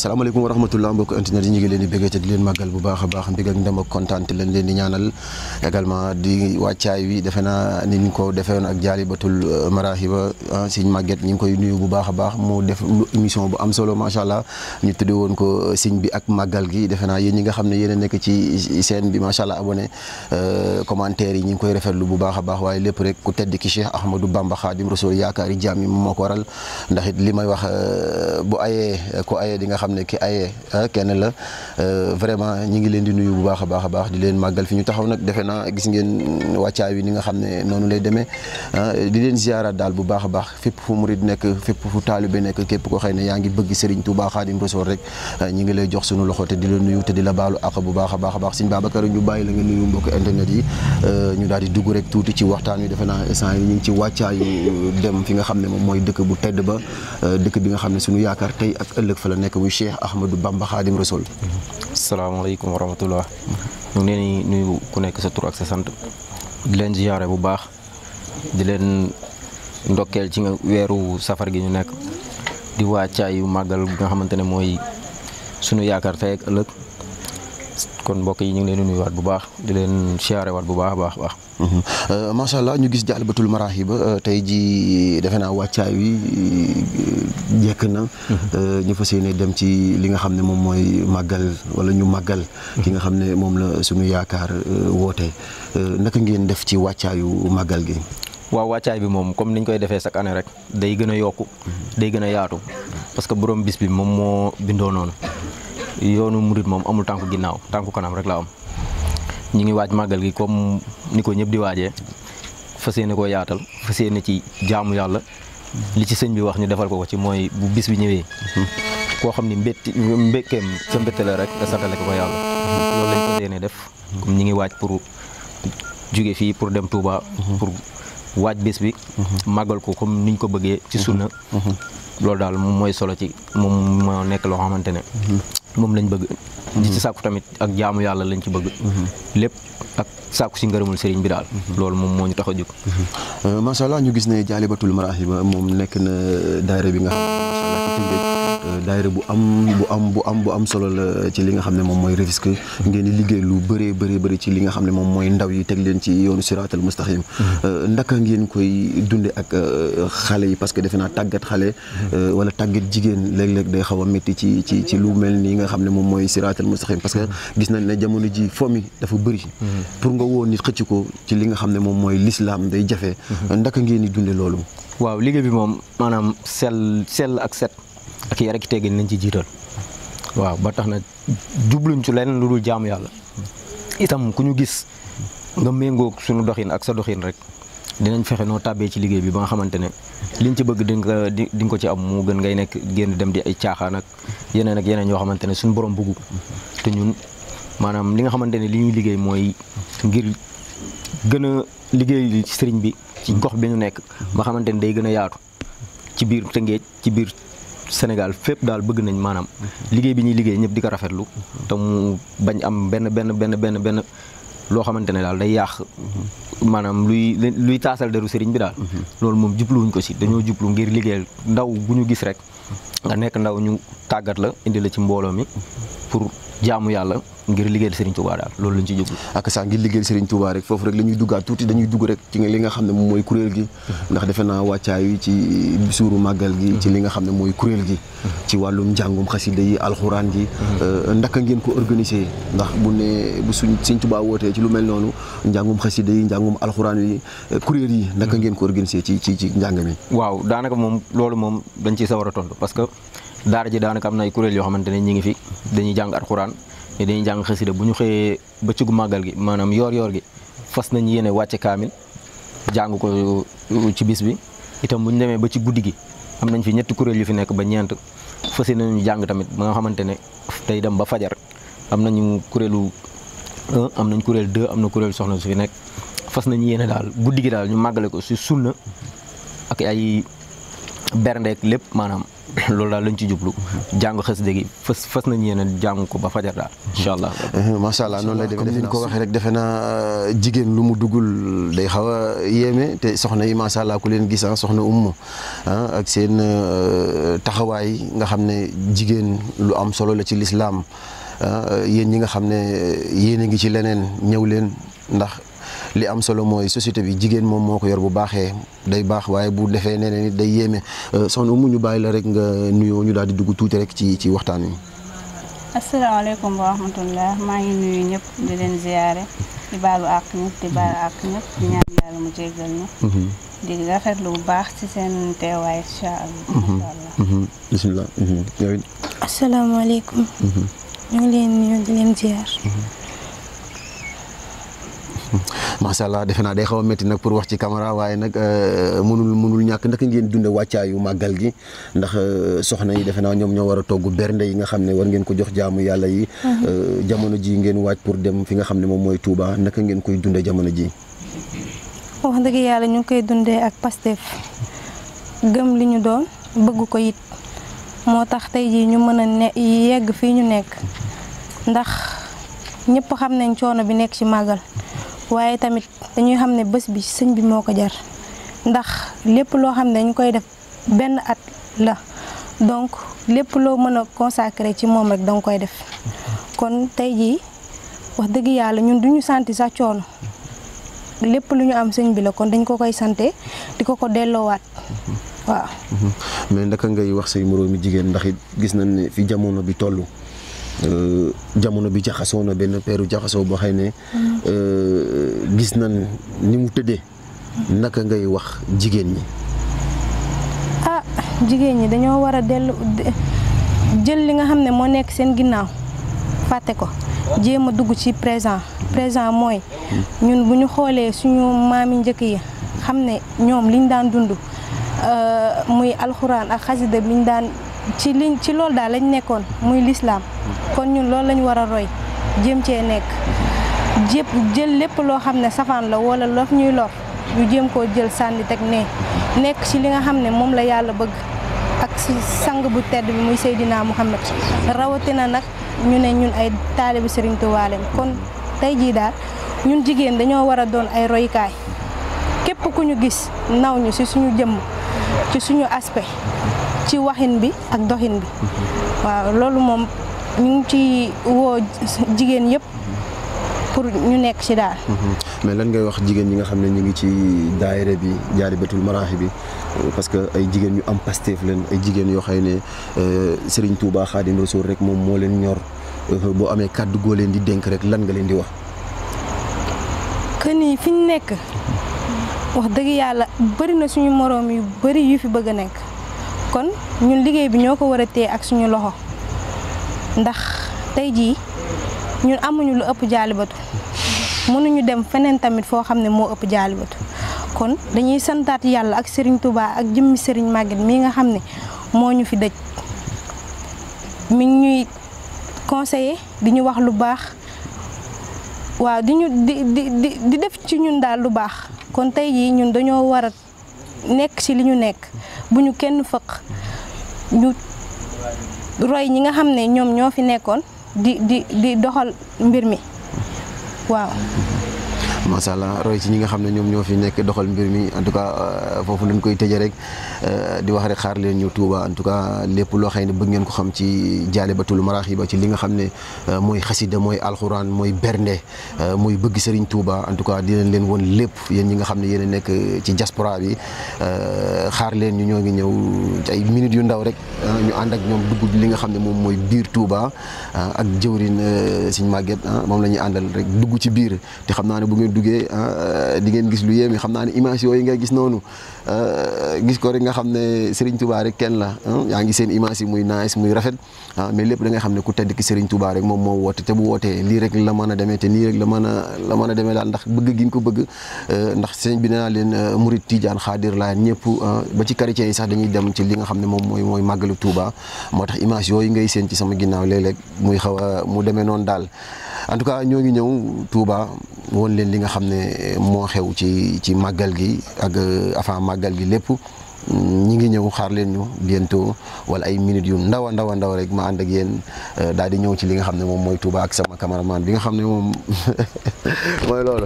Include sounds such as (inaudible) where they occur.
salaamaaleykum wa rahmatullah mbokk internet yi leen di béggee te di leen màggal bu baax a baax mbég ak ndam ak kontaante lañ leen di ñaanal également di wàccaay wi defe naa ni ñu ko defewoon ak jaalibatul marahiba ah, siñ màgget ñu ngi koy nuyu bu baax a baax mu def émission bu am solo macha allah ñu tudde woon ko euh, siñ bi ak màggal gi defe naa yéen ñi nga xam ne yéen nekk ci seen bi macha allah abonné euh, commentaire yi ñu ngi koy rafetlu bu baax a baax waaye lépp rek ku tedd ki Cheikh a Bamba Khadim Rasoul yaakaari jaam yi moo ko waral ndax it li may wax euh, bu ayee ko nga xam xam ne ki ayee ah, kenn la euh, vraiment ñi ngi leen di nuyu bu baax a baax a baax di leen màggal fi ñu taxaw nag defe naa gis ngeen wàccaay wi ni nga xam ne noonu lay demee ah, di leen ziaraat daal bu baax a baax fépp fu murid nekk fépp fu taalibe nekk képp ko xëy ne yaa ngi bëgg Serigne Touba Khadim Rassoul rek ah, ñi ngi lay jox sunu loxo te di la nuyu te di la baalu bu baax a baax a baax Serigne Babacar ñu bàyyi euh, di dugg rek tuuti ci waxtaan wi defe naa instant ñu ngi ci wàccaayu dem fi nga xam ne moom mooy dëkk bu tedd ba euh, dëkk bi nga xam ne sunu yaakaar tey ak ëllëg fa la nekk Cheikh Ahmadou Bamba Khadim Rasoul. salaamaaleykum wa rahmatullah. ñu ngi leen di nuyu ku nekk sa tur ak sa sant. di leen ziyaare bu baax. di leen ndokkeel ci nga weeru safar gi ñu nekk. di waajtaayu màggal bi nga xamante ne mooy sunu yaakaar tey ak ëllëg. kon mbokk yi ñu ngi leen di nuyuwaat bu baax di leen siyaarewaat bu baax a baax baax. Mhm. Euh, macha allah ñu gis jaalibatul ba euh, tey ji defe naa wàccaay wi euh, jekk na. Mhm. ñu fas yéene dem ci li nga xam ne moom mooy màggal wala ñu màggal. ki nga xam ne moom la suñu yaakaar woote naka ngeen def ci wàccaayu màggal gi. waaw wàccaay bi moom comme ñu koy defee chaque année rek day gën a yokku day gën a yaatu parce que borom bis bi moom moo bindoo noonu yoonu murit moom amul tànku ginnaaw tànku kanam rek la am. ñu ngi waaj màggal gi comme ni ko ñëpp di waajee fas yéene koo yaatal fas yéene ci jaamu yàlla li ci sëñ bi wax ñu defal ko ko ci mooy bu bis bi ñëwee mhm. koo xam ni mbétti mbékkeem sa mbétte rek nga santale ko ko yàlla mhm. loolu def mhm. comme ngi waaj pour jóge fii pour dem Touba pour waaj bis bi màggal ko comme niñ ko bëggee ci sunna daal moom mooy solo ci moom moo nekk loo xamante moom lañ bëgg. di ci mhm. sàkku tamit ak jaamu yàlla lañ ci bëgg. Mhm. lépp ak sàkku si ngërëmul sëriñ bi daal. Mhm. loolu moom moo ñu tax a jóg. Euh, macha allah ñu gis na ne jaalibatul marahiba moom nekk na daayira bi nga xam daayira bu am bu am bu am solo la ci li nga xam ne moom mooy Rufisque ngeen di liggéey lu bëree bëri bëri ci li nga xam ne moom mooy ndaw yi teg leen ci yoonu siraatal mustaqim mm-hmm. euh, ndaka ngeen koy dunde ak euh, xale yi parce que defe naa tàggat xale mm-hmm. euh, wala tàggat jigéen léeg-léeg day xaw a métti ci ci ci lu mel nii nga xam ne moom mooy siraatal mustaqim parce que mm-hmm. gis nañ ne jamono ji fomi dafa bëri pour nga woon nit xëcc ko ci li nga xam ne moom mooy lislaam day jafe ndaka ngeen di dunde loolu waaw liggéey bi moom maanaam sell ak yar ak teggin lañ ci jiital waaw ba tax na jubluñ ci leneen lu dul jaamu yàlla itam ku ñu gis nga méngoo suñu doxin ak sa doxin rek dinañ fexe noo tàbbee ci liggéey bi ba nga xamante ne liñ ci bëgg di di nga ko ci am mu gën ngay nekk génn dem di ay caaxaan yeneen ak yeneen yoo xamante ne suñu borom bëggu te ñun maanaam li nga xamante ne li ñuy liggéey mooy ngir gën a liggéey sëriñ bi ci gox bi ñu nekk ba xamante ne day gën a yaatu ci biir Tëngéej ci biir Sénégal fépp daal bëgg nañ maanaam liggéey bi ñuy liggéey ñëpp di ko rafetlu te mu bañ am benn benn benn benn benn loo xamante ne daal day yàq maanaam luy luy taasal deru sëriñ bi daal loolu moom jubluwuñ ko si dañoo jublu ngir liggéeyal ndaw bu ñu gis rek nga nekk ndaw ñu tàggat la indi la ci mbooloo mi pour jaamu yàlla ngir liggéeyal Serigne Touba daal loolu lañ ci jublu ak sax ngir liggéeyal Serigne Touba rek foofu rek la ñuy tuuti dañuy dugg rek li nga xam ne mooy kuréel gi naa wàccaay yi ci gi ci li nga xam ne mooy kuréel gi ci wàllum njàngum xasida yi alxuraan gi euh, ndaka ngeen ko organiser ndax bu ne bu suñ Serigne Touba wootee ci lu mel noonu njàngum xasida yi njàngum alxuraan yi euh, kuréel yi ndaka ngeen ko organiser ci ci ci njàng mi waaw moom loolu moom dañ ciy sawar tontu parce que daar ji daanaka am na ay kuréel yoo xamante ne ñi ngi fi dañuy jàng alxuraan ne dañuy jàng xasida bu ñu xëyee bëccëgu màggal gi maanaam yoor-yoor gi fas nañ yéene wàcce kaamil jàng ko uh, ci bis bi itam bu ñu demee ba ci guddi gi am nañ fi ñetti kuréel yu fi nekk ba ñeent fas nañu jàng tamit ba nga xamante ne day dem ba fajar am nañu kuréelu un am nañ kuréel deux am na kuréel soxna su fi nekk fas nañ yéene daal guddi gi daal ñu màggale ko si sunna ak ay berndeek lépp maanaam (laughs) loolu daal lañ ci jublu jàng xasida gi fës fës nañ yéen a jàng ko ba fajar daal incha allah eh, macha allah noonu lay demee defe naa ko waxee rek defe euh, jigéen lu mu duggul day xaw a yéeme te soxna yi macha allah ku leen gis ah soxna ummu ah, ak seen euh, taxawaay nga xam ne jigéen lu am solo la ci lislaam ah, yéen ñi nga xam ne euh, yéen a ngi ci leneen ñëw leen ndax li am solo mooy société bi jigéen moom moo ko yor bu baaxee day baax waaye bu defee nee ne nit day yéeme euh, soxna mu ñu bàyyi la rek nga nuyoo ñu daal di dugg tuuti rek ci ci waxtaan wi. asalaamaaleykum wa maa ngi nuyu ñëpp di leen ziyaare di baalu àq ñu. Mhm. bu baax ci seen teewaay incha allah. Mhm. Mhm. leen nuyu leen ziyaar. macha allah defe naa day xaw a métti nag pour wax ci kamara waaye nag euh, mënul mënul ñàkk naka ngeen dunde wàccaayu màggal gi ndax euh, soxna yi defe naa ñoom ñoo war a togg bernde yi nga xam ne war ngeen ko jox jaamu yàlla yi. Mhm. Euh, jamono ji ngeen waaj pour dem fi nga xam ne moom mooy Touba naka ngeen koy dunde jamono ji wax dëgg yàlla ñu ngi koy dundee ak Pastef gëm li ñu doon bëgg ko it moo tax tey jii ñu mën a ne yegg fii ñu nekk ndax ñëpp xam nañ coono bi nekk ci màggal. waye tamit dañuy xamné bëss bi sëñ bi moko jar ndax lepp lo xamné ne dañ koy def ben at la donc lepp lo mëna consacrer ci mom rek dang koy def kon tay ji wax deug yalla ñun duñu santi sa coono lepp luñu am sëñ bi la kon dañ ko koy santé diko ko ko wat waaw mais ndaka ngay wax say moroomi jigen ndax gis nañ fi jamono bi tollu Euh, jamono bi jaxasoo na benn peru jaxasoo boo xëy ne mm. euh, gis nañ ni mu tëddee naka ngay wax jigéen ñi ah jigéen ñi dañoo war a dellu jël li nga xam ne moo nekk seen ginnaaw fàtte ko jéem a dugg ci présent présent mooy ñun bu ñu xoolee suñu maami njëkk yi xam ne ñoom liñ daan dund euh, muy alxuraan ak xasida biñ daan ci liñ ci loolu daal lañ nekkoon muy lislaam kon ñun lool lañu war a roy jéem cee nekk jépp jël lépp loo xam ne safaan la wala lof ñuy lor ñu jéem koo jël sànni teg ne nekk ci li nga xam ne moom la yàlla bëgg ak si sang bu tedd bi muy seydinaa mu Muhammad rawatina nag ñu ne ñun ay taalibu Sëriñ Tuubaa lañ kon tey jii daal ñun jigéen dañoo war a doon ay roykaay képp ku ñu gis naw ñu ci suñu jëmm ci suñu aspect ci waxin bi ak doxin bi waaw loolu moom ñu ci woo jigéen yëpp pour ñu nekk ci daal mais lan ngay wax jigéen ñi nga xam ne ñu ngi ci daayira bi jaari jaalibatul maraaxi bi parce que ay jigéen ñu am pasteef leen ay jigéen yoo xam ne euh, Serigne Touba Xaadim Rasuul rek moom moo leen ñor euh, boo amee kàddu goo leen di dénk rek lan nga leen di wax que fi ñu nekk wax dëgg yàlla bëri na suñu moroom yu bëri yu fi bëgg a nekk kon ñun liggéey bi ñoo ko war a téye ak suñu loxo ndax tey jii ñun amuñu lu ëpp jaalibatu mënuñu dem feneen tamit foo xam ne moo ëpp jaalibatu kon dañuy santaat yàlla ak sëriñ tubaa ak jëmmi sëriñ Maguette mii nga xam ne moo ñu fi dëj mi ñuy conseiller di ñu wax lu baax waaw di ñu di di di def ci ñun daal lu baax kon tey jii ñun dañoo war a nekk ci li ñu nekk. bu ñu kenn fëq ñu roy ñi nga xam ne ñoom ñoo fi nekkoon di di di doxal mbir mi waaw macha roy ci ñi nga xam ne nek ñoo fi nekk doxal mbir mi en tout cas euh, foofu dañ koy tëjee rek euh, di wax rek xaar leen ñu Touba en tout cas lépp loo xëy bëgg ngeen ko xam ci jale ba tulu ba ci li nga xam ne euh, mooy xasida mooy alxuraan mooy bernde mooy bëgg Serigne Touba en tout cas dinañ leen woon lépp yéen ñi nga xam ne yéen ci diaspora bi xaar leen ñu ñoo ngi ay minutes yu ndaw rek ñu ànd ak ñoom dugg li nga Touba ak Serigne Maguette ah, rek dugg ci bir di xam ne bu ngeen duggee ah gis lu yéeme xam naa ne image yooyu nga gis noonu ah, gis ko rek nga xam ne Serigne Touba rek kenn la ah, yaa ngi seen image yi muy nice muy rafet ah mais lépp da nga xam ne ku tedd ki Serigne Touba rek moom moo woote te bu wootee lii rek la mën a demee te nii rek la mën a la mën a demee daal ndax bëgg gi ko bëgg eh, ndax sëñ bi nee leen eh, Murid Tidiane Xaadir laa ñëpp ah, ba ci chrétien yi sax dañuy dem ci li nga xam ne moom mooy mooy màggalu Touba moo tax image yooyu ngay seen ci sama ginnaaw léeg muy xaw mu demee noonu daal en tout cas ñoo ngi ñëw Touba woon leen li nga xam ne moo xew ci ci màggal gi ak avant màggal gi lépp ñi ngi ñëw xaar leen ñu bientôt wala ay minutes yu ndaw a ndaw a ndaw rek ma ànd ak yéen euh, daal di ñëw ci li nga xam ne moom mooy Touba ak sama cameraman bi nga xam ne moom (laughs) mooy lool